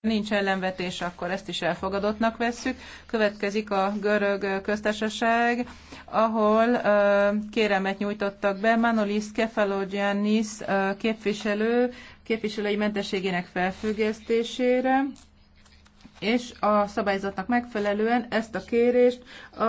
nincs ellenvetés, akkor ezt is elfogadottnak vesszük. Következik a görög köztársaság, ahol uh, kéremet nyújtottak be Manolis Kefalogiannis uh, képviselő, képviselői mentességének felfüggesztésére, és a szabályzatnak megfelelően ezt a kérést a